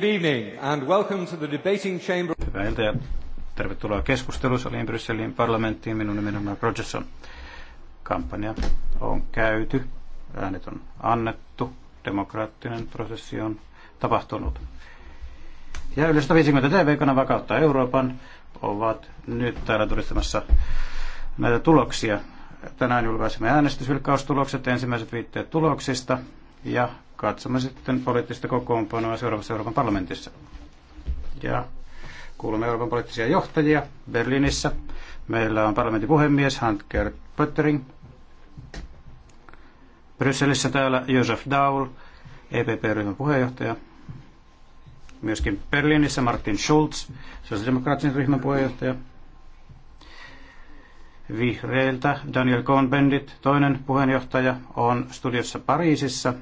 Good evening and welcome to the debating chamber. Hyvää iltaa ja tervetuloa keskustelusaliin Brysselin parlamenttiin. Minun nimeni on Mark Rogerson. Kampanja on käyty, äänet on annettu, demokraattinen prosessi on tapahtunut. Ja yli 150 TV-kanavaa kautta Euroopan ovat nyt täällä todistamassa näitä tuloksia. Tänään julkaisemme äänestysvilkkaustulokset, ensimmäiset viitteet tuloksista ja katsomme sitten poliittista kokoonpanoa seuraavassa Euroopan parlamentissa. Ja kuulemme Euroopan poliittisia johtajia Berliinissä. Meillä on parlamentin puhemies Hanker Pöttering. Brysselissä täällä Josef Daul, EPP-ryhmän puheenjohtaja. Myöskin Berliinissä Martin Schulz, sosiaalidemokraattisen ryhmän puheenjohtaja. Vihreiltä Daniel Cohn-Bendit, toinen puheenjohtaja, on studiossa Pariisissa –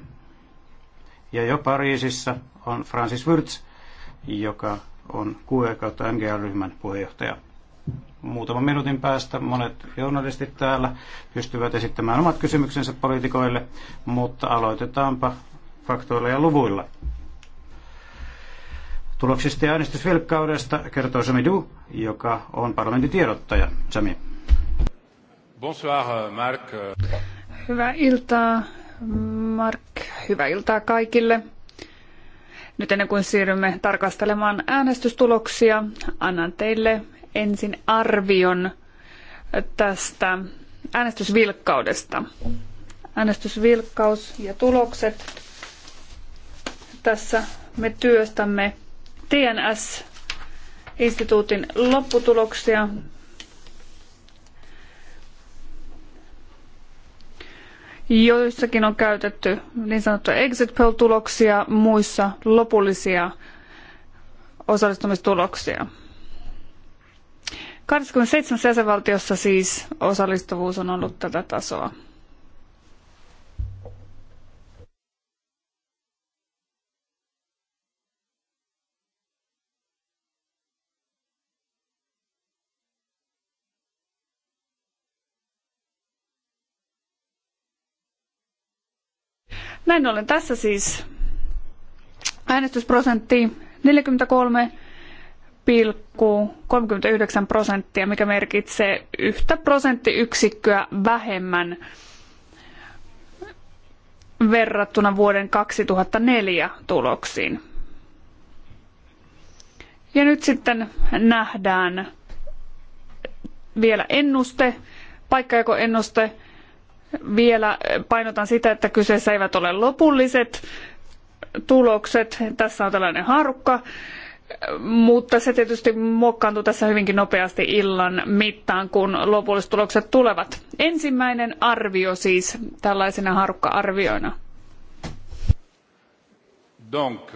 ja jo Pariisissa on Francis Wurz, joka on QE kautta NGL-ryhmän puheenjohtaja. Muutaman minuutin päästä monet journalistit täällä pystyvät esittämään omat kysymyksensä poliitikoille, mutta aloitetaanpa faktoilla ja luvuilla. Tuloksista ja äänestysvilkkaudesta kertoo Sami Du, joka on parlamentin tiedottaja. Sami. Bonsoir, Mark. Hyvää iltaa, Mark, hyvää iltaa kaikille. Nyt ennen kuin siirrymme tarkastelemaan äänestystuloksia, annan teille ensin arvion tästä äänestysvilkkaudesta. Äänestysvilkkaus ja tulokset. Tässä me työstämme TNS-instituutin lopputuloksia Joissakin on käytetty niin sanottuja exit poll-tuloksia, muissa lopullisia osallistumistuloksia. 27 jäsenvaltiossa siis osallistuvuus on ollut tätä tasoa. Näin ollen tässä siis äänestysprosentti 43 39 prosenttia, mikä merkitsee yhtä prosenttiyksikköä vähemmän verrattuna vuoden 2004 tuloksiin. Ja nyt sitten nähdään vielä ennuste, paikkajakoennuste ennuste vielä painotan sitä, että kyseessä eivät ole lopulliset tulokset. Tässä on tällainen haarukka, mutta se tietysti muokkaantuu tässä hyvinkin nopeasti illan mittaan, kun lopulliset tulokset tulevat. Ensimmäinen arvio siis tällaisena haarukka-arvioina. Donc,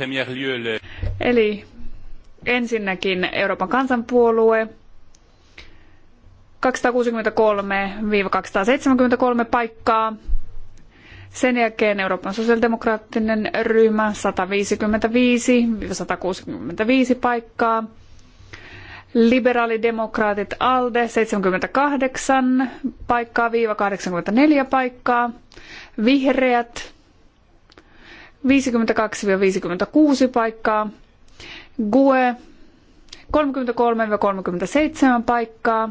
en lieu le... Eli ensinnäkin Euroopan kansanpuolue, 263-273 paikkaa. Sen jälkeen Euroopan sosiaalidemokraattinen ryhmä 155-165 paikkaa. Liberaalidemokraatit ALDE 78 paikkaa viiva 84 paikkaa. Vihreät 52-56 paikkaa. GUE 33-37 paikkaa.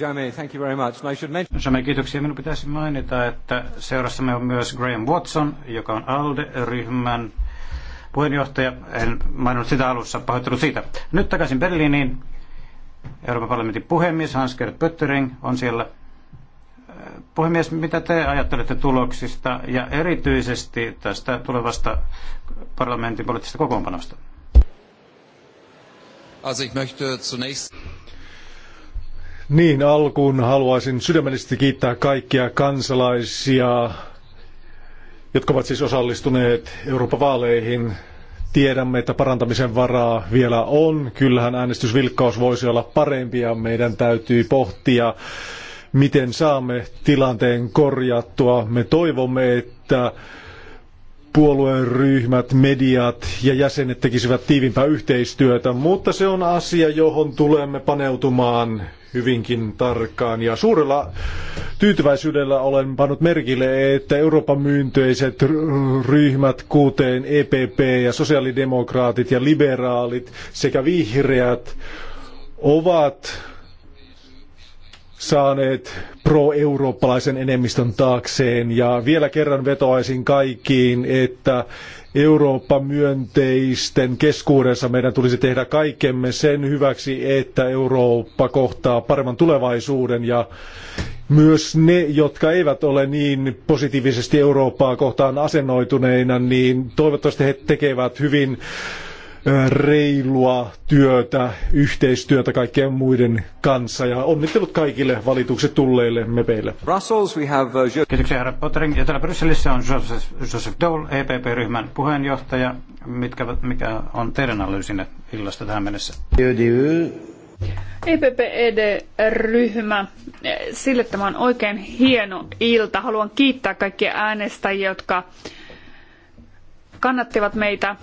Jaime, thank you very much. I should mention... No, kiitoksia. Minun pitäisi mainita, että seurassamme on myös Graham Watson, joka on ALDE-ryhmän puheenjohtaja. En maininnut sitä alussa, pahoittelut siitä. Nyt takaisin Berliiniin. Euroopan parlamentin puhemies hans gerd Pöttering on siellä. Puhemies, mitä te ajattelette tuloksista ja erityisesti tästä tulevasta parlamentin poliittisesta kokoonpanosta? Also ich möchte zunächst... Niin, alkuun haluaisin sydämellisesti kiittää kaikkia kansalaisia, jotka ovat siis osallistuneet Euroopan vaaleihin. Tiedämme, että parantamisen varaa vielä on. Kyllähän äänestysvilkkaus voisi olla parempi ja meidän täytyy pohtia, miten saamme tilanteen korjattua. Me toivomme, että puolueryhmät, mediat ja jäsenet tekisivät tiivimpää yhteistyötä, mutta se on asia, johon tulemme paneutumaan hyvinkin tarkkaan. Ja suurella tyytyväisyydellä olen pannut merkille, että Euroopan myyntöiset ryhmät, kuten EPP ja sosiaalidemokraatit ja liberaalit sekä vihreät, ovat saaneet pro-eurooppalaisen enemmistön taakseen. Ja vielä kerran vetoaisin kaikkiin, että Eurooppa-myönteisten keskuudessa meidän tulisi tehdä kaikkemme sen hyväksi, että Eurooppa kohtaa paremman tulevaisuuden ja myös ne, jotka eivät ole niin positiivisesti Eurooppaa kohtaan asennoituneina, niin toivottavasti he tekevät hyvin äh, reilua työtä, yhteistyötä kaikkien muiden kanssa ja onnittelut kaikille valitukset tulleille mepeille. Brussels, we have, uh, Kiitoksia herra Pottering. Ja täällä Brysselissä on Joseph, Joseph Dole, EPP-ryhmän puheenjohtaja. Mitkä, mikä on teidän analyysinne illasta tähän mennessä? ed e ryhmä Sille tämä on oikein hieno ilta. Haluan kiittää kaikkia äänestäjiä, jotka kannattivat meitä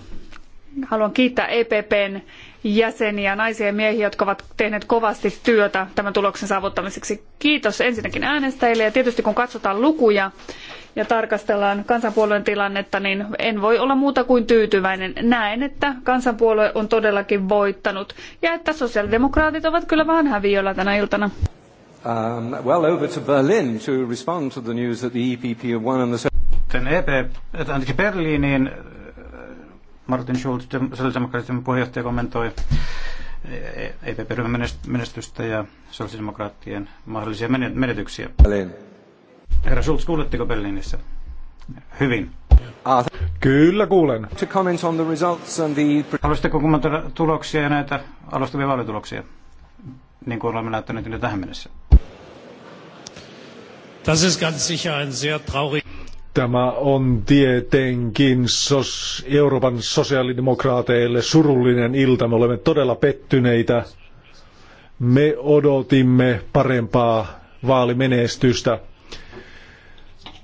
haluan kiittää EPPn jäseniä, naisia ja miehiä, jotka ovat tehneet kovasti työtä tämän tuloksen saavuttamiseksi. Kiitos ensinnäkin äänestäjille ja tietysti kun katsotaan lukuja ja tarkastellaan kansanpuolueen tilannetta, niin en voi olla muuta kuin tyytyväinen. Näen, että kansanpuolue on todellakin voittanut ja että sosiaalidemokraatit ovat kyllä vähän häviöllä tänä iltana. Um, well over to Berlin to respond to the news that the EPP have won on the... Sitten e äh, Berliiniin Martin Schulz, sosiaalidemokraattien puheenjohtaja, kommentoi EPP-ryhmän menestystä ja sosiaalidemokraattien mahdollisia menetyksiä. Berlin. Herra Schulz, kuuletteko Berliinissä? Hyvin. Ah, Kyllä kuulen. Haluaisitteko kommentoida tuloksia ja näitä alustavia vaalituloksia, niin kuin olemme näyttäneet tähän mennessä? Das ist ganz sicher ein sehr traurig... Tämä on tietenkin sos- Euroopan sosiaalidemokraateille surullinen ilta. Me olemme todella pettyneitä. Me odotimme parempaa vaalimenestystä.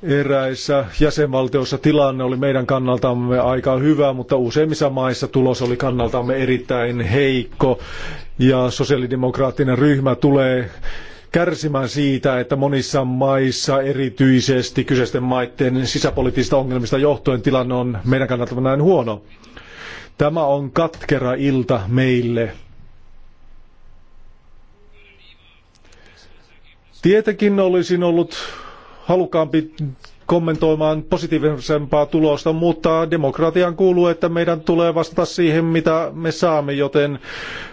Eräissä jäsenvaltioissa tilanne oli meidän kannaltamme aika hyvä, mutta useimmissa maissa tulos oli kannaltamme erittäin heikko. Ja sosiaalidemokraattinen ryhmä tulee kärsimään siitä, että monissa maissa erityisesti kyseisten maiden sisäpoliittisista ongelmista johtuen tilanne on meidän kannaltamme näin huono. Tämä on katkera ilta meille. Tietenkin olisin ollut halukkaampi kommentoimaan positiivisempaa tulosta, mutta demokratian kuuluu, että meidän tulee vastata siihen, mitä me saamme, joten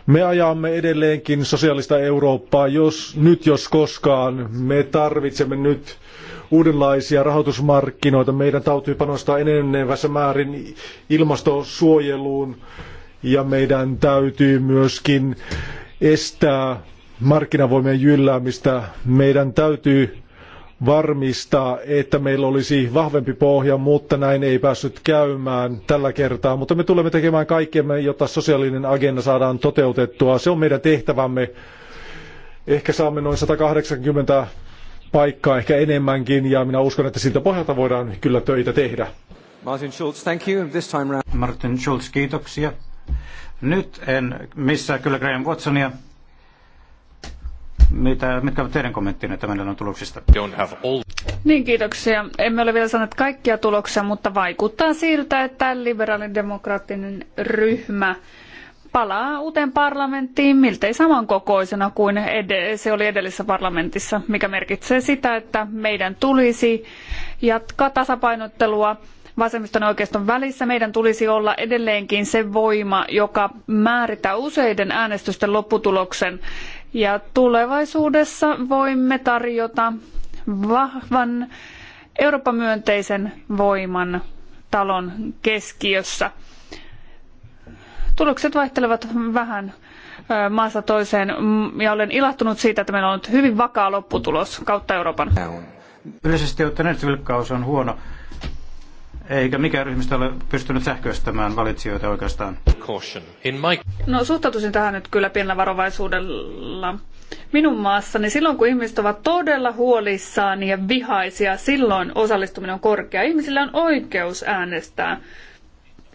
me ajamme edelleenkin sosiaalista Eurooppaa, jos nyt jos koskaan. Me tarvitsemme nyt uudenlaisia rahoitusmarkkinoita. Meidän täytyy panostaa enenevässä määrin ilmastosuojeluun ja meidän täytyy myöskin estää markkinavoimien jylläämistä. Meidän täytyy varmistaa, että meillä olisi vahvempi pohja, mutta näin ei päässyt käymään tällä kertaa. Mutta me tulemme tekemään kaikkemme, jotta sosiaalinen agenda saadaan toteutettua. Se on meidän tehtävämme. Ehkä saamme noin 180 paikkaa, ehkä enemmänkin, ja minä uskon, että siltä pohjalta voidaan kyllä töitä tehdä. Martin Schulz, thank you. This time round. Martin Schulz, kiitoksia. Nyt en missä kyllä Graham Watsonia mitä, mitkä ovat teidän kommenttinne tämän on tuloksista? Niin, kiitoksia. Emme ole vielä saaneet kaikkia tuloksia, mutta vaikuttaa siltä, että liberaalidemokraattinen ryhmä palaa uuteen parlamenttiin miltei samankokoisena kuin se oli edellisessä parlamentissa, mikä merkitsee sitä, että meidän tulisi jatkaa tasapainottelua vasemmiston ja oikeiston välissä. Meidän tulisi olla edelleenkin se voima, joka määrittää useiden äänestysten lopputuloksen ja tulevaisuudessa voimme tarjota vahvan Eurooppa-myönteisen voiman talon keskiössä. Tulokset vaihtelevat vähän maasta toiseen ja olen ilahtunut siitä, että meillä on ollut hyvin vakaa lopputulos kautta Euroopan. Yleisesti ottaen vilkkaus on huono eikä mikään ryhmistä ole pystynyt sähköistämään valitsijoita oikeastaan. No suhtautuisin tähän nyt kyllä pienellä varovaisuudella. Minun maassani silloin, kun ihmiset ovat todella huolissaan ja vihaisia, silloin osallistuminen on korkea. Ihmisillä on oikeus äänestää.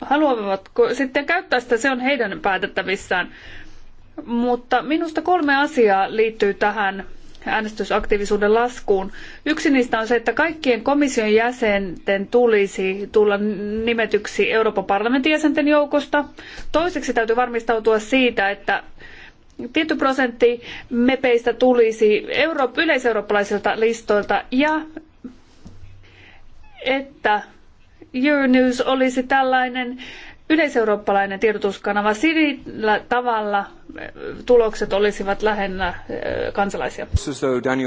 Haluavatko sitten käyttää sitä, se on heidän päätettävissään. Mutta minusta kolme asiaa liittyy tähän äänestysaktiivisuuden laskuun. Yksi niistä on se, että kaikkien komission jäsenten tulisi tulla nimetyksi Euroopan parlamentin jäsenten joukosta. Toiseksi täytyy varmistautua siitä, että tietty prosentti mepeistä tulisi euro- yleiseurooppalaisilta listoilta ja että Euronews olisi tällainen yleiseurooppalainen tiedotuskanava. Sillä tavalla eh, tulokset olisivat lähennä eh, kansalaisia.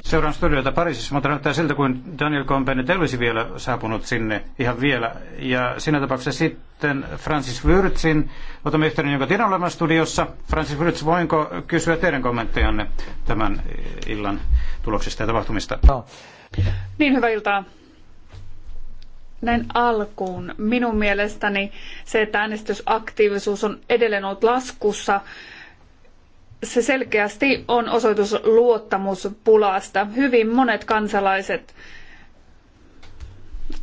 Seuraan studiota Pariisissa, mutta näyttää siltä, kuin Daniel Combenet olisi vielä saapunut sinne ihan vielä. Ja siinä tapauksessa sitten Francis Wyrtsin, otamme yhteyden, jonka tiedän olevan studiossa. Francis Wyrts, voinko kysyä teidän kommenttejanne tämän eh, illan tuloksista ja tapahtumista? No. Niin, hyvää iltaa. Näin alkuun minun mielestäni se, että äänestysaktiivisuus on edelleen ollut laskussa, se selkeästi on osoitus luottamuspulasta. Hyvin monet kansalaiset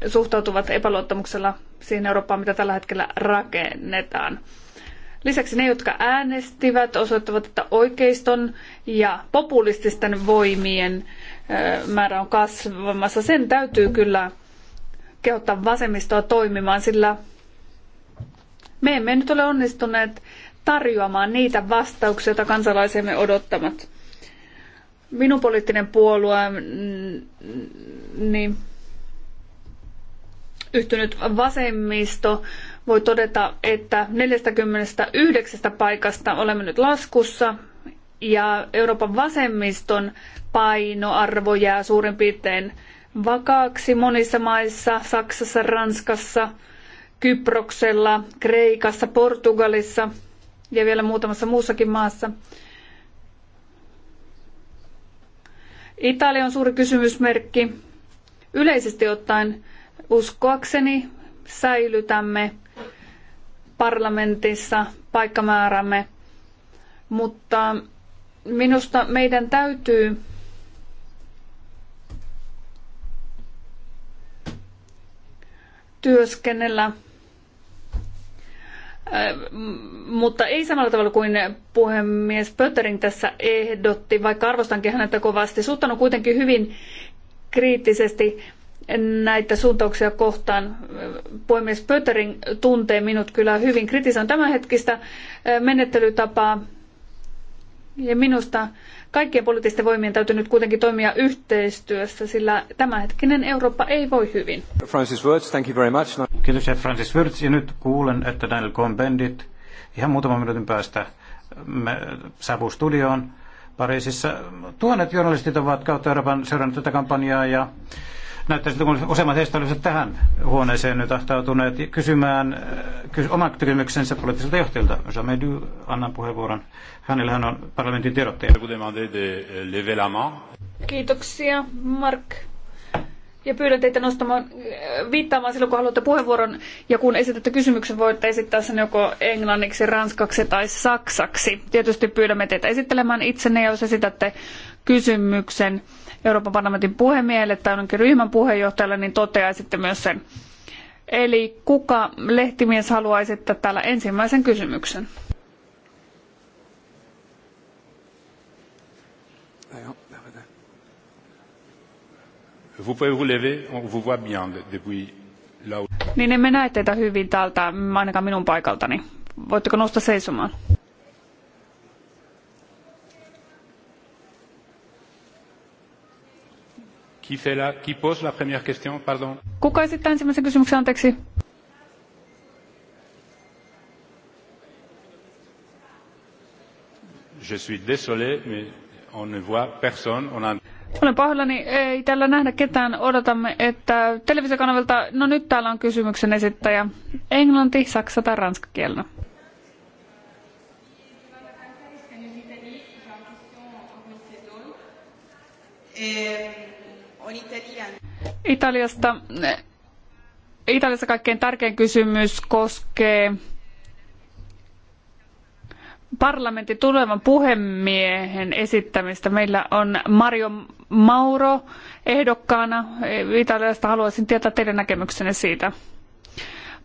suhtautuvat epäluottamuksella siihen Eurooppaan, mitä tällä hetkellä rakennetaan. Lisäksi ne, jotka äänestivät, osoittavat, että oikeiston ja populististen voimien määrä on kasvamassa. Sen täytyy kyllä kehottaa vasemmistoa toimimaan, sillä me emme nyt ole onnistuneet tarjoamaan niitä vastauksia, joita kansalaisemme odottavat. Minun poliittinen puolue mm, niin yhtynyt vasemmisto voi todeta, että 49 paikasta olemme nyt laskussa ja Euroopan vasemmiston painoarvo jää suurin piirtein vakaaksi monissa maissa, Saksassa, Ranskassa, Kyproksella, Kreikassa, Portugalissa ja vielä muutamassa muussakin maassa. Italia on suuri kysymysmerkki. Yleisesti ottaen uskoakseni säilytämme parlamentissa paikkamäärämme, mutta minusta meidän täytyy työskennellä, äh, mutta ei samalla tavalla kuin puhemies Pöterin tässä ehdotti, vaikka arvostankin häntä kovasti. suhtanut kuitenkin hyvin kriittisesti näitä suuntauksia kohtaan. Puhemies Pöterin tuntee minut kyllä hyvin. Kritisoin tämänhetkistä äh, menettelytapaa ja minusta Kaikkien poliittisten voimien täytyy nyt kuitenkin toimia yhteistyössä, sillä tämänhetkinen Eurooppa ei voi hyvin. Francis Wirtz, thank you very much. Kiitos, Francis Wirtz. Ja nyt kuulen, että Daniel Cohn-Bendit ihan muutaman minuutin päästä me, saapuu studioon Pariisissa. Tuhannet journalistit ovat kautta Euroopan seurannut tätä kampanjaa ja Näyttäisi, että kun useimmat heistä olisivat tähän huoneeseen nyt ahtautuneet kysymään eh, kys, oman kysymyksensä poliittisilta johtajilta. du, annan puheenvuoron. Hänellä hän on parlamentin tiedottaja. Kiitoksia, Mark. Ja pyydän teitä nostamaan, eh, viittaamaan silloin, kun haluatte puheenvuoron. Ja kun esitätte kysymyksen, voitte esittää sen joko englanniksi, ranskaksi tai saksaksi. Tietysti pyydämme teitä esittelemään itsenne, jos esitätte kysymyksen, Euroopan parlamentin puhemiehelle tai onkin ryhmän puheenjohtajalle, niin toteaisitte myös sen. Eli kuka lehtimies haluaa esittää täällä ensimmäisen kysymyksen? Vous pouvez vous lever, on vous voit bien depuis là où... Niin emme näe teitä hyvin täältä, ainakaan minun paikaltani. Voitteko nousta seisomaan? Kuka esittää ensimmäisen kysymyksen, anteeksi? Je suis désolé, mais on ne voit personne. On a... Olen pahoillani, ei tällä nähdä ketään. Odotamme, että televisiokanavilta, no nyt täällä on kysymyksen esittäjä. Englanti, saksa tai ranska kielenä. Eh, Italiasta. Italiassa kaikkein tärkein kysymys koskee parlamentin tulevan puhemiehen esittämistä. Meillä on Mario Mauro ehdokkaana. Italiasta haluaisin tietää teidän näkemyksenne siitä.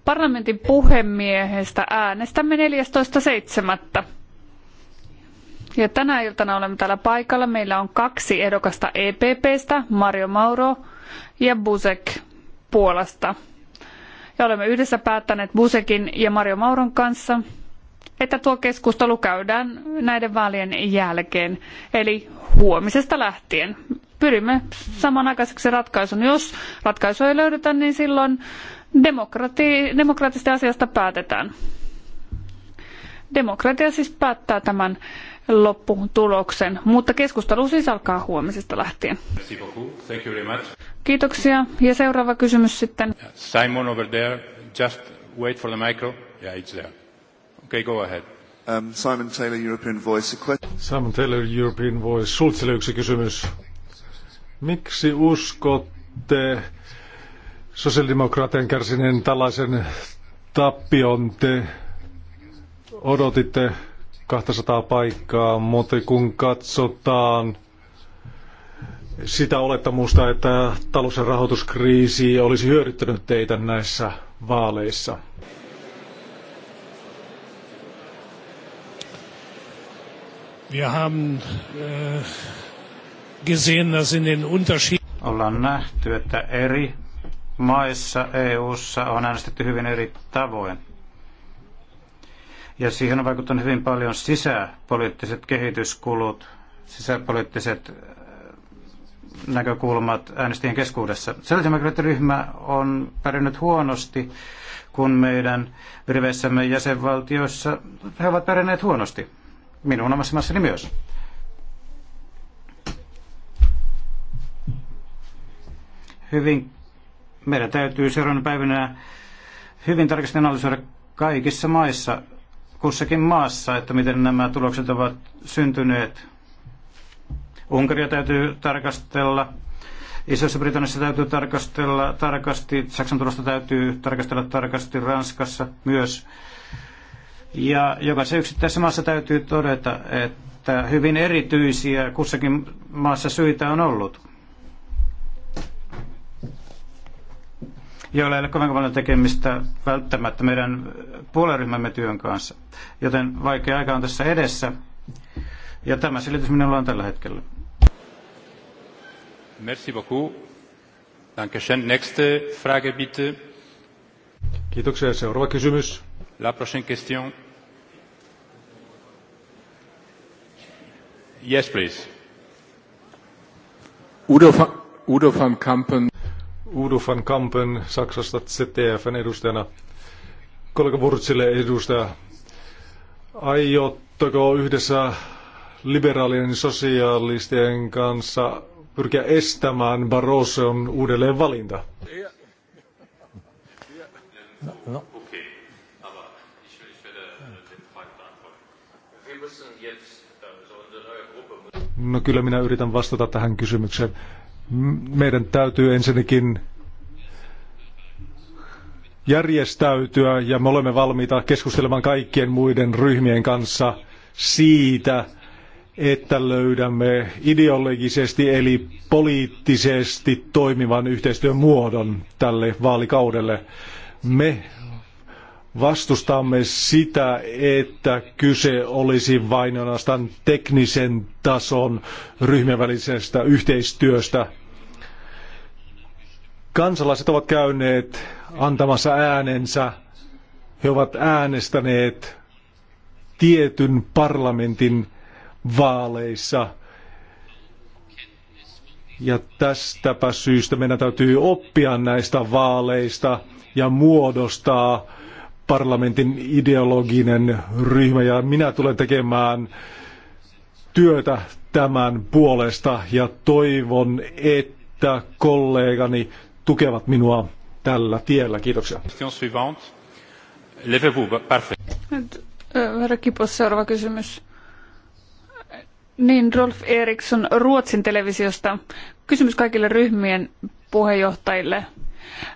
Parlamentin puhemiehestä äänestämme 14.7. Ja tänä iltana olemme täällä paikalla. Meillä on kaksi ehdokasta EPPstä, Mario Mauro ja Busek Puolasta. Ja olemme yhdessä päättäneet Busekin ja Mario Mauron kanssa, että tuo keskustelu käydään näiden vaalien jälkeen, eli huomisesta lähtien. Pyrimme samanaikaiseksi ratkaisun. Jos ratkaisu ei löydetä, niin silloin demokrati- demokraattisesti asiasta päätetään. Demokratia siis päättää tämän lopputuloksen. Mutta keskustelu siis alkaa huomisesta lähtien. Kiitoksia. Ja seuraava kysymys sitten. Simon over there, just wait for the micro. Yeah, it's there. Okay, go ahead. Um, Simon Taylor, European Voice. Simon Taylor, European Voice. Schulzille yksi kysymys. Miksi uskotte sosiaalidemokraattien kärsineen tällaisen tappion? Te odotitte 200 paikkaa, mutta kun katsotaan sitä olettamusta, että talous- ja rahoituskriisi olisi hyödyttänyt teitä näissä vaaleissa. Wir haben äh, gesehen, dass in den Unterschied Ollaan nähty, että eri maissa EU:ssa on äänestetty hyvin eri tavoin. Ja siihen on vaikuttanut hyvin paljon sisäpoliittiset kehityskulut, sisäpoliittiset äh, näkökulmat äänestäjien keskuudessa. Sosiaalidemokraattiryhmä on pärjännyt huonosti, kun meidän riveissämme jäsenvaltioissa he ovat pärjänneet huonosti. Minun omassa maassani myös. Hyvin, meidän täytyy seuraavana päivänä hyvin tarkasti analysoida kaikissa maissa kussakin maassa, että miten nämä tulokset ovat syntyneet. Unkaria täytyy tarkastella, Isossa Britanniassa täytyy tarkastella tarkasti, Saksan tulosta täytyy tarkastella tarkasti, Ranskassa myös. Ja jokaisessa yksittäisessä maassa täytyy todeta, että hyvin erityisiä kussakin maassa syitä on ollut. joilla ei ole kovin paljon tekemistä välttämättä meidän puolueryhmämme työn kanssa. Joten vaikea aika on tässä edessä. Ja tämä selitys minulla on tällä hetkellä. Merci beaucoup. Dankeschön. Nächste Frage bitte. Kiitoksia. Seuraava kysymys. La prochaine question. Yes, please. Udo van, Udo van Kampen. Udo van Kampen Saksasta ZDFn edustajana. Kollega Wurzille edustaja. Aiotteko yhdessä liberaalien sosiaalistien kanssa pyrkiä estämään Barroson uudelleen valinta? no. No kyllä minä yritän vastata tähän kysymykseen meidän täytyy ensinnäkin järjestäytyä ja me olemme valmiita keskustelemaan kaikkien muiden ryhmien kanssa siitä, että löydämme ideologisesti eli poliittisesti toimivan yhteistyön muodon tälle vaalikaudelle. Me vastustamme sitä, että kyse olisi vain ainoastaan teknisen tason ryhmien välisestä yhteistyöstä. Kansalaiset ovat käyneet antamassa äänensä. He ovat äänestäneet tietyn parlamentin vaaleissa. Ja tästäpä syystä meidän täytyy oppia näistä vaaleista ja muodostaa parlamentin ideologinen ryhmä. Ja minä tulen tekemään työtä tämän puolesta ja toivon, että kollegani tukevat minua tällä tiellä. Kiitoksia. Nyt herra Kipos, seuraava kysymys. Niin, Rolf Eriksson Ruotsin televisiosta. Kysymys kaikille ryhmien puheenjohtajille.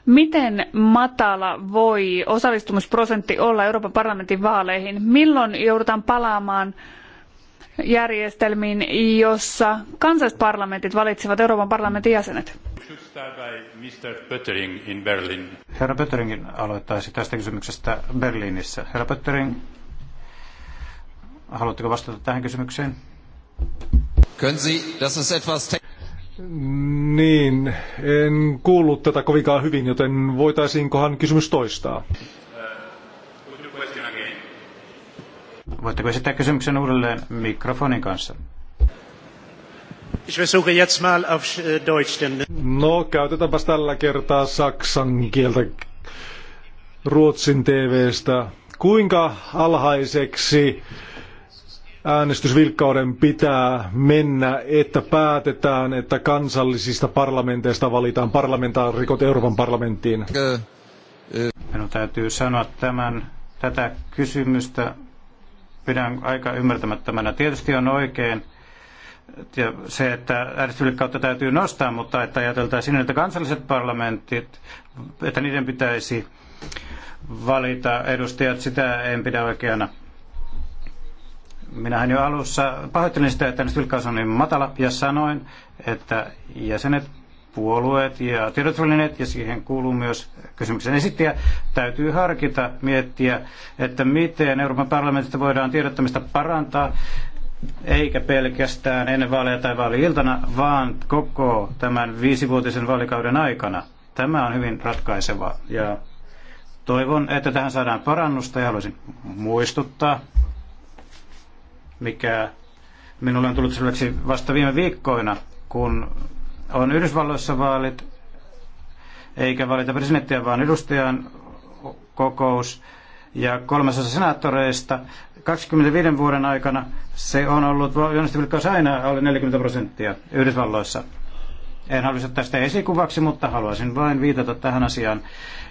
Miten matala voi osallistumisprosentti olla Euroopan parlamentin vaaleihin? Milloin joudutaan palaamaan järjestelmiin, jossa kansallisparlamentit valitsevat Euroopan parlamentin jäsenet? Herra Pötteringin aloittaisi tästä kysymyksestä Berliinissä. Herra Pöttering, haluatteko vastata tähän kysymykseen? niin, en kuullut tätä kovinkaan hyvin, joten voitaisiinkohan kysymys toistaa? Voitteko esittää kysymyksen uudelleen mikrofonin kanssa? Äh, no, käytetäänpäs tällä kertaa saksan kieltä Ruotsin TVstä. Kuinka alhaiseksi äänestysvilkkauden pitää mennä, että päätetään, että kansallisista parlamenteista valitaan parlamentaarikot Euroopan parlamenttiin? Minun täytyy sanoa tämän, tätä kysymystä pidän aika ymmärtämättömänä. Tietysti on oikein ja se, että äänestysvilkkautta täytyy nostaa, mutta että ajateltaisiin, että kansalliset parlamentit, että niiden pitäisi valita edustajat, sitä en pidä oikeana. Minähän jo alussa pahoittelin sitä, että äänestysvilkkaus on niin matala ja sanoin, että jäsenet puolueet ja tiedotusvälineet, ja siihen kuuluu myös kysymyksen esittäjä, täytyy harkita, miettiä, että miten Euroopan parlamentista voidaan tiedottamista parantaa, eikä pelkästään ennen vaaleja tai vaali-iltana, vaan koko tämän viisivuotisen vaalikauden aikana. Tämä on hyvin ratkaiseva ja toivon, että tähän saadaan parannusta, ja haluaisin muistuttaa, mikä minulle on tullut selväksi vasta viime viikkoina, kun on Yhdysvalloissa vaalit, eikä valita presidenttiä, vaan edustajan kokous. Ja kolmasosa senaattoreista 25 vuoden aikana se on ollut ilmastovilkkaus aina alle 40 prosenttia Yhdysvalloissa. En halua tästä esikuvaksi, mutta haluaisin vain viitata tähän asiaan.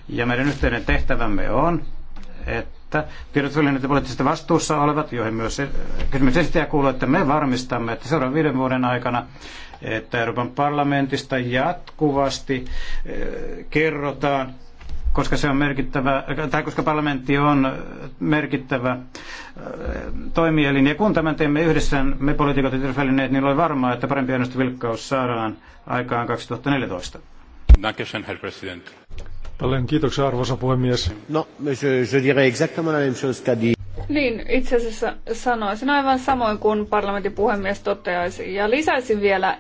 Ja meidän yhteinen tehtävämme on että tiedotusvälineiden poliittisesti vastuussa olevat, joihin myös e- kysymys esittäjä kuuluu, että me varmistamme, että seuraavan viiden vuoden aikana että Euroopan parlamentista jatkuvasti e- kerrotaan koska se on merkittävä, tai koska parlamentti on merkittävä e- toimielin. Ja kun tämän teemme yhdessä, me poliitikot ja tiedotusvälineet, niin olen varma, että parempi äänestysvilkkaus saadaan aikaan 2014. Dankeschön, herr president. Paljon kiitoksia, arvoisa puhemies. No, je, je dirais exactement la même chose qu'a dit. Niin, itse asiassa sanoisin aivan samoin kuin parlamentin puhemies toteaisi. Ja lisäisin vielä,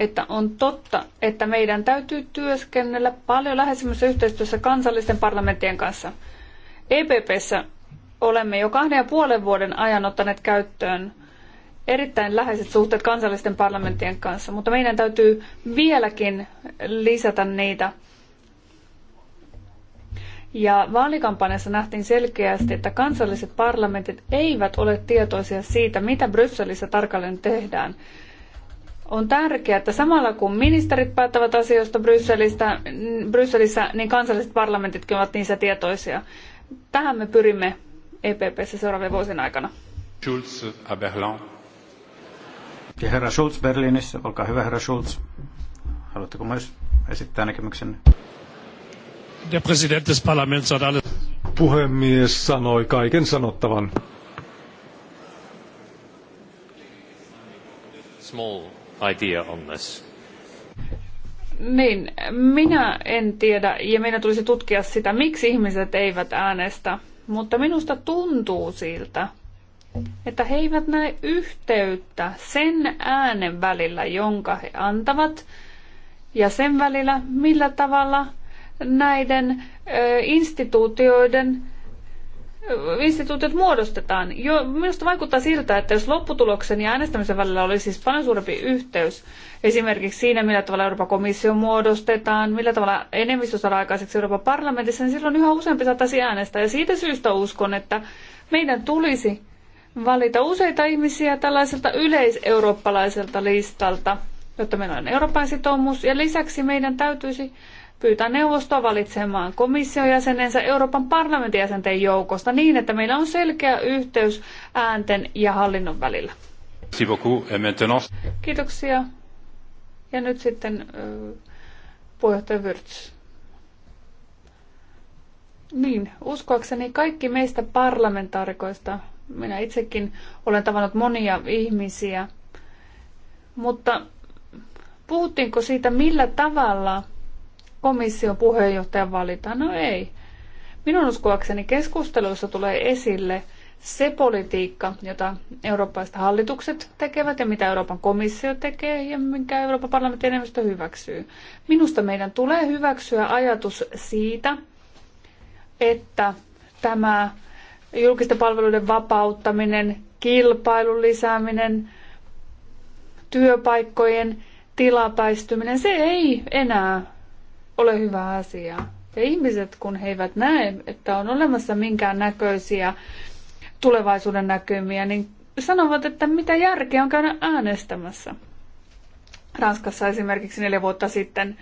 että on totta, että meidän täytyy työskennellä paljon läheisemmässä yhteistyössä kansallisten parlamenttien kanssa. EPPssä olemme jo kahden ja puolen vuoden ajan ottaneet käyttöön erittäin läheiset suhteet kansallisten parlamenttien kanssa, mutta meidän täytyy vieläkin lisätä niitä ja vaalikampanjassa nähtiin selkeästi, että kansalliset parlamentit eivät ole tietoisia siitä, mitä Brysselissä tarkalleen tehdään. On tärkeää, että samalla kun ministerit päättävät asioista Brysselistä, Brysselissä, niin kansalliset parlamentitkin ovat niissä tietoisia. Tähän me pyrimme EPPssä seuraavien vuosien aikana. Schulz äh, Berlin. Ja herra Schulz Berliinissä, olkaa hyvä herra Schulz. Haluatteko myös esittää näkemyksenne? Der Präsident des Parlaments hat alles. Puhemies sanoi kaiken sanottavan. Small idea on this. Niin, minä en tiedä ja meidän tulisi tutkia sitä, miksi ihmiset eivät äänestä. Mutta minusta tuntuu siltä, että he eivät näe yhteyttä sen äänen välillä, jonka he antavat, ja sen välillä, millä tavalla näiden instituutioiden instituutiot muodostetaan. Jo, minusta vaikuttaa siltä, että jos lopputuloksen ja äänestämisen välillä olisi siis paljon suurempi yhteys, esimerkiksi siinä, millä tavalla Euroopan komissio muodostetaan, millä tavalla enemmistö saadaan aikaiseksi Euroopan parlamentissa, niin silloin yhä useampi saattaisi äänestää. Ja siitä syystä uskon, että meidän tulisi valita useita ihmisiä tällaiselta yleiseurooppalaiselta listalta, jotta meillä on Euroopan sitoumus. Ja lisäksi meidän täytyisi pyytää neuvostoa valitsemaan komission jäsenensä Euroopan parlamentin jäsenten joukosta niin, että meillä on selkeä yhteys äänten ja hallinnon välillä. Kiitoksia. Ja nyt sitten puheenjohtaja Virts. Niin, uskoakseni kaikki meistä parlamentaarikoista, minä itsekin olen tavannut monia ihmisiä, mutta puhuttiinko siitä, millä tavalla komission puheenjohtajan valitaan? No ei. Minun uskoakseni keskusteluissa tulee esille se politiikka, jota eurooppalaiset hallitukset tekevät ja mitä Euroopan komissio tekee ja minkä Euroopan parlamentin enemmistö hyväksyy. Minusta meidän tulee hyväksyä ajatus siitä, että tämä julkisten palveluiden vapauttaminen, kilpailun lisääminen, työpaikkojen tilapäistyminen, se ei enää ole hyvä asia. Ja ihmiset, kun he eivät näe, että on olemassa minkään näköisiä tulevaisuuden näkymiä, niin sanovat, että mitä järkeä on käydä äänestämässä. Ranskassa esimerkiksi neljä vuotta sitten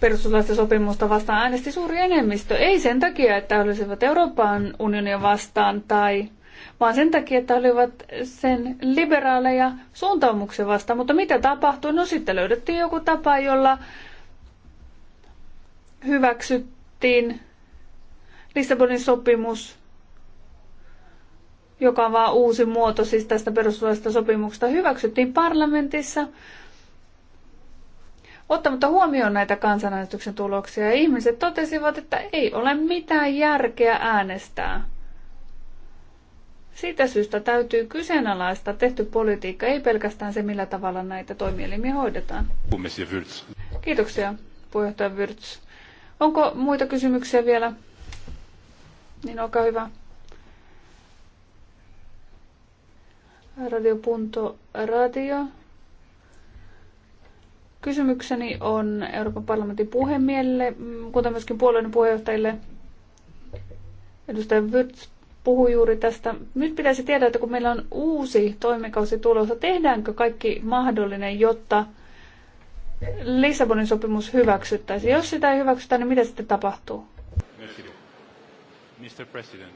perustuslaista sopimusta vastaan äänesti suuri enemmistö. Ei sen takia, että olisivat Euroopan unionia vastaan tai vaan sen takia, että olivat sen liberaaleja suuntaumuksen vastaan. Mutta mitä tapahtui? No sitten löydettiin joku tapa, jolla hyväksyttiin Lissabonin sopimus, joka on vaan uusi muoto siis tästä perustuslaista sopimuksesta, hyväksyttiin parlamentissa ottamatta huomioon näitä kansanäänestyksen tuloksia. Ihmiset totesivat, että ei ole mitään järkeä äänestää. Siitä syystä täytyy kyseenalaistaa tehty politiikka, ei pelkästään se, millä tavalla näitä toimielimiä hoidetaan. Kiitoksia, puheenjohtaja Wyrts. Onko muita kysymyksiä vielä? Niin olkaa hyvä. Radio Punto Radio. Kysymykseni on Euroopan parlamentin puhemiehelle, mm, kuten myöskin puolueen puheenjohtajille. Edustaja Wirtz puhui juuri tästä. Nyt pitäisi tiedä, että kun meillä on uusi toimikausi tulossa, tehdäänkö kaikki mahdollinen, jotta Lissabonin sopimus hyväksyttäisiin. Jos sitä ei hyväksytä, niin mitä sitten tapahtuu? Mr. President.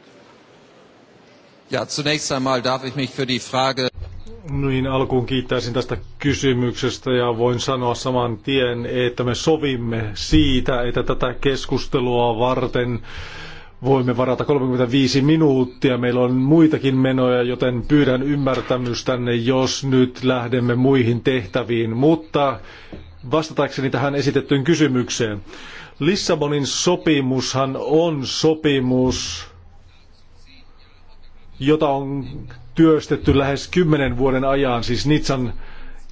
Ja, zunächst einmal darf ich mich für die Frage... Niin, alkuun kiittäisin tästä kysymyksestä ja voin sanoa saman tien, että me sovimme siitä, että tätä keskustelua varten voimme varata 35 minuuttia. Meillä on muitakin menoja, joten pyydän ymmärtämystänne, jos nyt lähdemme muihin tehtäviin. Mutta vastatakseni tähän esitettyyn kysymykseen. Lissabonin sopimushan on sopimus, jota on työstetty lähes kymmenen vuoden ajan, siis Nitsan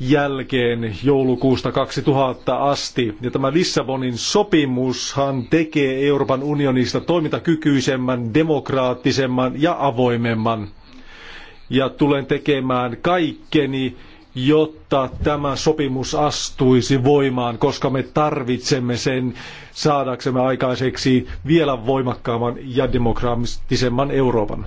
jälkeen joulukuusta 2000 asti. Ja tämä Lissabonin sopimushan tekee Euroopan unionista toimintakykyisemmän, demokraattisemman ja avoimemman. Ja tulen tekemään kaikkeni, jotta tämä sopimus astuisi voimaan, koska me tarvitsemme sen saadaksemme aikaiseksi vielä voimakkaamman ja demokraattisemman Euroopan.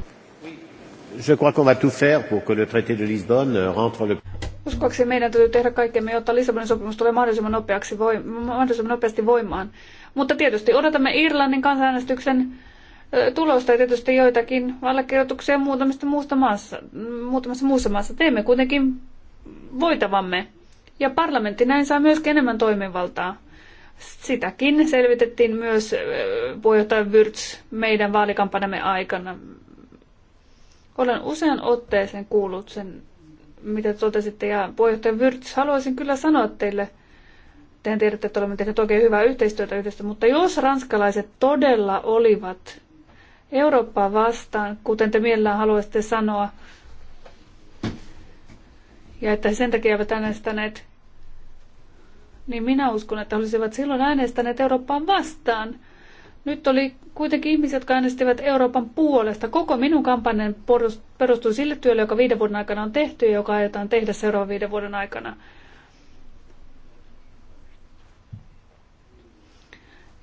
Je crois qu'on va tout faire pour que le traité de Lisbonne euh, rentre le... Uskoakseni meidän täytyy tehdä kaikkemme, jotta Lissabonin sopimus tulee mahdollisimman, nopeaksi voi, mahdollisimman nopeasti voimaan. Mutta tietysti odotamme Irlannin kansanäänestyksen tulosta ja tietysti joitakin allekirjoituksia muutamista muusta maassa, muutamassa muussa maassa. Teemme kuitenkin voitavamme. Ja parlamentti näin saa myös enemmän toimivaltaa. Sitäkin selvitettiin myös puheenjohtaja Wyrts meidän vaalikampanjamme aikana. Olen usean otteeseen kuullut sen, mitä totesitte, ja puheenjohtaja Wyrts, haluaisin kyllä sanoa teille, tehän tiedätte, että olemme tehneet oikein hyvää yhteistyötä yhdessä, mutta jos ranskalaiset todella olivat Eurooppaa vastaan, kuten te mielellään haluaisitte sanoa, ja että he sen takia eivät äänestäneet, niin minä uskon, että olisivat silloin äänestäneet Eurooppaan vastaan. Nyt oli kuitenkin ihmisiä, jotka äänestivät Euroopan puolesta. Koko minun kampanjan perustui sille työlle, joka viiden vuoden aikana on tehty ja joka aiotaan tehdä seuraavan viiden vuoden aikana.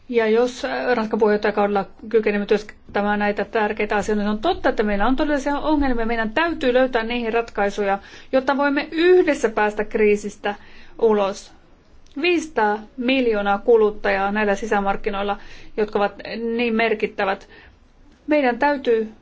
Ja jos Ranska puheenjohtajakaudella kykenemme työskentämään näitä tärkeitä asioita, niin on totta, että meillä on todellisia ongelmia. Meidän täytyy löytää niihin ratkaisuja, jotta voimme yhdessä päästä kriisistä ulos. 500 miljoonaa kuluttajaa näillä sisämarkkinoilla, jotka ovat niin merkittävät. Meidän täytyy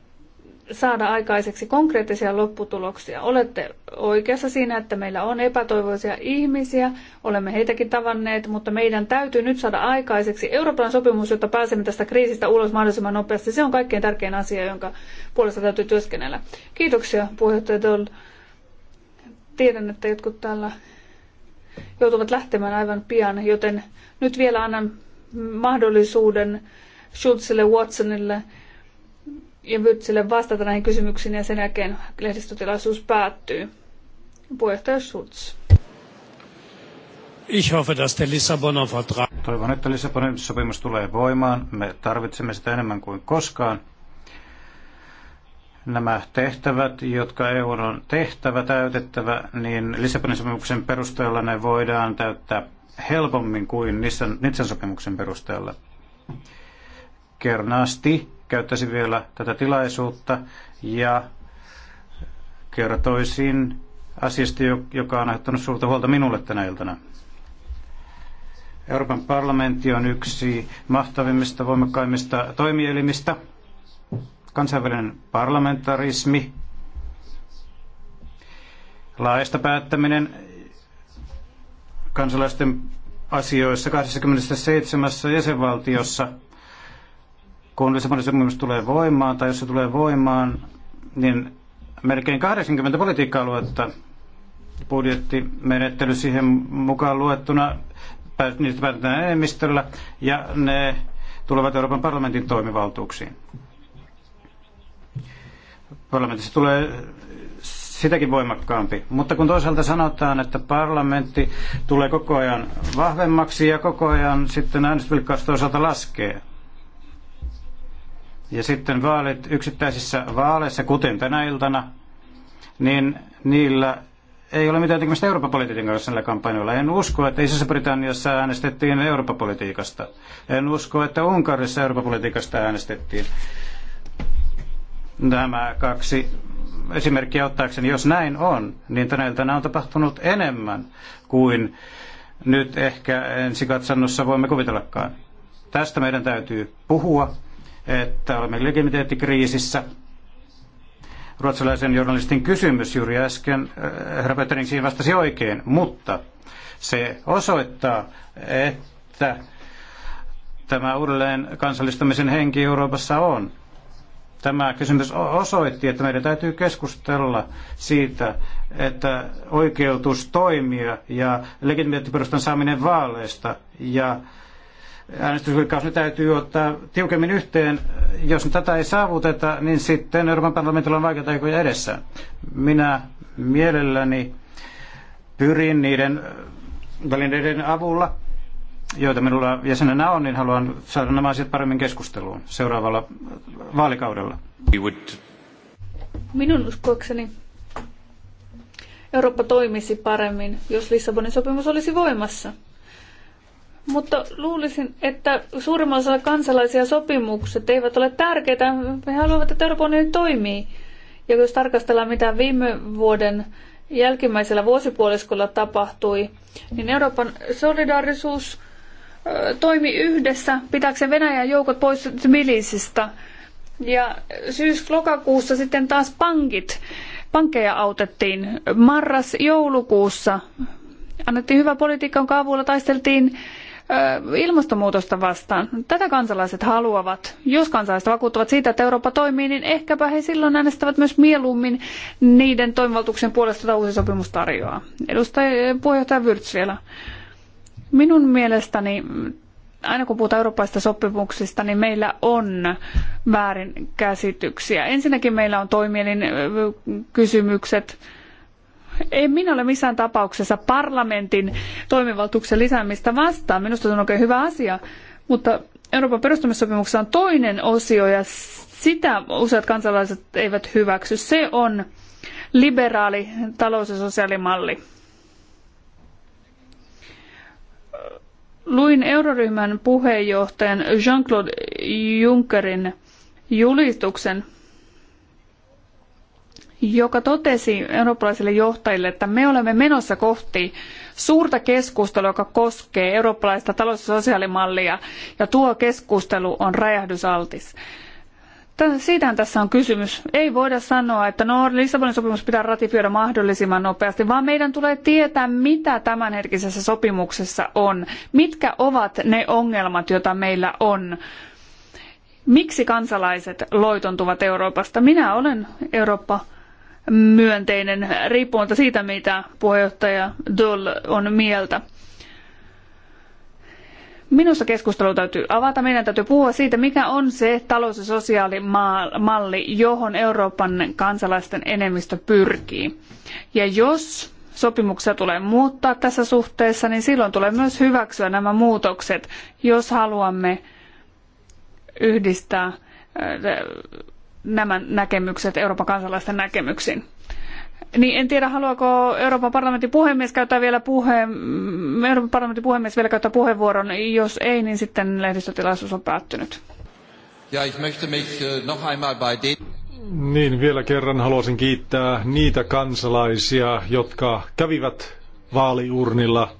saada aikaiseksi konkreettisia lopputuloksia. Olette oikeassa siinä, että meillä on epätoivoisia ihmisiä, olemme heitäkin tavanneet, mutta meidän täytyy nyt saada aikaiseksi Euroopan sopimus, jotta pääsemme tästä kriisistä ulos mahdollisimman nopeasti. Se on kaikkein tärkein asia, jonka puolesta täytyy työskennellä. Kiitoksia puheenjohtaja Doll. Tiedän, että jotkut täällä joutuvat lähtemään aivan pian, joten nyt vielä annan mahdollisuuden Schulzille, Watsonille, ja Vyrtsille vastata näihin kysymyksiin ja sen jälkeen lehdistötilaisuus päättyy. Puheenjohtaja Schulz. Ich hoffe, dass der Lissaboner Vertrag... Toivon, että Lissabonin sopimus tulee voimaan. Me tarvitsemme sitä enemmän kuin koskaan. Nämä tehtävät, jotka EU on tehtävä, täytettävä, niin Lissabonin sopimuksen perusteella ne voidaan täyttää helpommin kuin Nitsan sopimuksen perusteella kernaasti käyttäisin vielä tätä tilaisuutta ja kertoisin asiasta, joka on aiheuttanut suurta huolta minulle tänä iltana. Euroopan parlamentti on yksi mahtavimmista, voimakkaimmista toimielimistä. Kansainvälinen parlamentarismi, laajasta päättäminen kansalaisten asioissa 27 jäsenvaltiossa – kun semmoinen sopimus tulee voimaan, tai jos se tulee voimaan, niin melkein 80 politiikka-aluetta budjettimenettely siihen mukaan luettuna, niistä päätetään enemmistöllä, ja ne tulevat Euroopan parlamentin toimivaltuuksiin. Parlamentissa tulee sitäkin voimakkaampi. Mutta kun toisaalta sanotaan, että parlamentti tulee koko ajan vahvemmaksi ja koko ajan sitten äänestysvilkkausta osalta laskee, ja sitten vaalit yksittäisissä vaaleissa, kuten tänä iltana, niin niillä ei ole mitään tekemistä Euroopan politiikan kanssa näillä kampanjoilla. En usko, että Isossa-Britanniassa äänestettiin Euroopan politiikasta En usko, että Unkarissa Euroopan politiikasta äänestettiin. Nämä kaksi esimerkkiä ottaakseni, jos näin on, niin tänä iltana on tapahtunut enemmän kuin nyt ehkä ensi katsannossa voimme kuvitellakaan. Tästä meidän täytyy puhua että olemme legitimiteettikriisissä. Ruotsalaisen journalistin kysymys juuri äsken, äh, herra Pöttering siinä vastasi oikein, mutta se osoittaa, että tämä uudelleen kansallistamisen henki Euroopassa on. Tämä kysymys osoitti, että meidän täytyy keskustella siitä, että oikeutus toimia ja legitimiteettiperustan saaminen vaaleista ja äänestysvilkaus nyt täytyy ottaa tiukemmin yhteen. Jos tätä ei saavuteta, niin sitten Euroopan parlamentilla on vaikeita aikoja edessä. Minä mielelläni pyrin niiden välineiden avulla, joita minulla jäsenenä on, niin haluan saada nämä asiat paremmin keskusteluun seuraavalla vaalikaudella. Minun uskoakseni Eurooppa toimisi paremmin, jos Lissabonin sopimus olisi voimassa. Mutta luulisin, että suurimman osalla kansalaisia sopimukset eivät ole tärkeitä. He haluavat, että Euroopan unioni toimii. Ja jos tarkastellaan, mitä viime vuoden jälkimmäisellä vuosipuoliskolla tapahtui, niin Euroopan solidaarisuus toimi yhdessä pitääkseen Venäjän joukot pois Tbilisistä. Ja syys-lokakuussa sitten taas pankit, pankkeja autettiin. Marras-joulukuussa annettiin hyvä politiikka, jonka avulla taisteltiin ilmastonmuutosta vastaan. Tätä kansalaiset haluavat. Jos kansalaiset vakuuttuvat siitä, että Eurooppa toimii, niin ehkäpä he silloin äänestävät myös mieluummin niiden toimivaltuuksien puolesta, joita uusi sopimus tarjoaa. Edustaja, puheenjohtaja Vyrts vielä. Minun mielestäni aina kun puhutaan eurooppaista sopimuksista, niin meillä on väärinkäsityksiä. Ensinnäkin meillä on toimielin kysymykset, en minä ole missään tapauksessa parlamentin toimivaltuuksien lisäämistä vastaan. Minusta se on oikein hyvä asia, mutta Euroopan perustamissopimuksessa on toinen osio ja sitä useat kansalaiset eivät hyväksy. Se on liberaali talous- ja sosiaalimalli. Luin euroryhmän puheenjohtajan Jean-Claude Junckerin julistuksen – joka totesi eurooppalaisille johtajille, että me olemme menossa kohti suurta keskustelua, joka koskee eurooppalaista talous- ja sosiaalimallia, ja tuo keskustelu on räjähdysaltis. Siitähän tässä on kysymys. Ei voida sanoa, että no, Lissabonin sopimus pitää ratifioida mahdollisimman nopeasti, vaan meidän tulee tietää, mitä tämänhetkisessä sopimuksessa on. Mitkä ovat ne ongelmat, joita meillä on? Miksi kansalaiset loitontuvat Euroopasta? Minä olen Eurooppa myönteinen, riippumatta siitä, mitä puheenjohtaja doll on mieltä. Minusta keskustelu täytyy avata. Meidän täytyy puhua siitä, mikä on se talous- ja sosiaalimalli, johon Euroopan kansalaisten enemmistö pyrkii. Ja jos sopimuksia tulee muuttaa tässä suhteessa, niin silloin tulee myös hyväksyä nämä muutokset, jos haluamme yhdistää nämä näkemykset Euroopan kansalaisten näkemyksiin. Niin en tiedä, haluaako Euroopan parlamentin puhemies käyttää vielä puheen, Euroopan parlamentin puhemies vielä käyttää puheenvuoron. Jos ei, niin sitten lehdistötilaisuus on päättynyt. Ja, ich möchte mich äh, noch einmal bei den... Niin, vielä kerran haluaisin kiittää niitä kansalaisia, jotka kävivät vaaliurnilla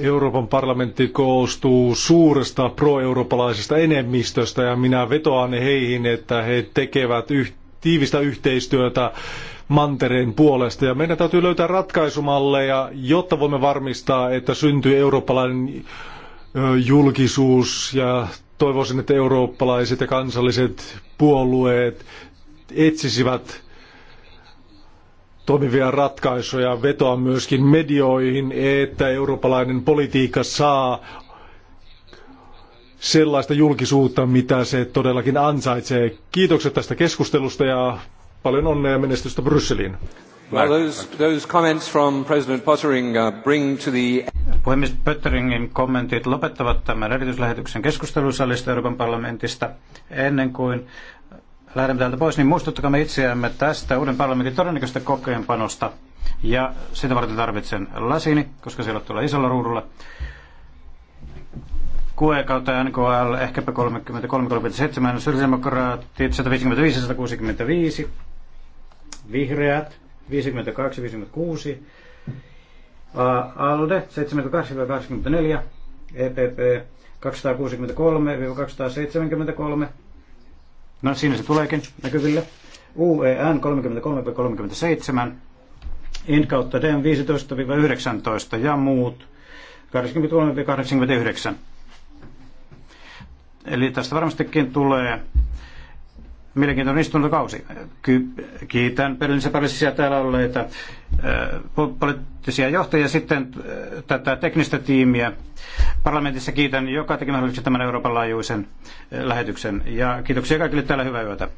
Euroopan parlamentti koostuu suuresta pro-eurooppalaisesta enemmistöstä ja minä vetoan heihin, että he tekevät yh- tiivistä yhteistyötä mantereen puolesta. Ja meidän täytyy löytää ratkaisumalleja, jotta voimme varmistaa, että syntyy eurooppalainen julkisuus ja toivoisin, että eurooppalaiset ja kansalliset puolueet etsisivät toimivia ratkaisuja, vetoa myöskin medioihin, että eurooppalainen politiikka saa sellaista julkisuutta, mitä se todellakin ansaitsee. Kiitokset tästä keskustelusta ja paljon onnea ja menestystä Brysseliin. Well, those, those comments from President Pottering uh, bring to the... Puhemies Pötteringin kommentit lopettavat tämän erityislähetyksen keskustelusalista Euroopan parlamentista ennen kuin lähdemme täältä pois, niin muistuttakaa itseämme tästä uuden parlamentin todennäköistä kokeenpanosta. Ja sitä varten tarvitsen lasini, koska siellä tulee isolla ruudulla. QE kautta NKL, ehkäpä 33,7, sosiaalidemokraatit 155-165, vihreät 52-56, ALDE 78 84 EPP 263-273, No siinä se tuleekin näkyville. UEN 33-37, IN kautta DM 15-19 ja muut 83-89. Eli tästä varmastikin tulee Mielenkiintoinen istuntokausi. Kiitän Berliinissä Pariisissa täällä olleita äh, poliittisia johtajia sitten äh, tätä teknistä tiimiä. Parlamentissa kiitän joka teki mahdollisesti tämän Euroopan laajuisen äh, lähetyksen. Ja kiitoksia kaikille täällä. Hyvää yötä.